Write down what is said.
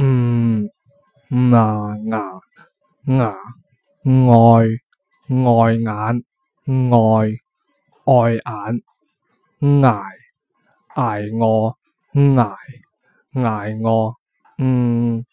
嗯，牙牙牙，外外眼，外外眼，挨挨我，挨挨我，嗯。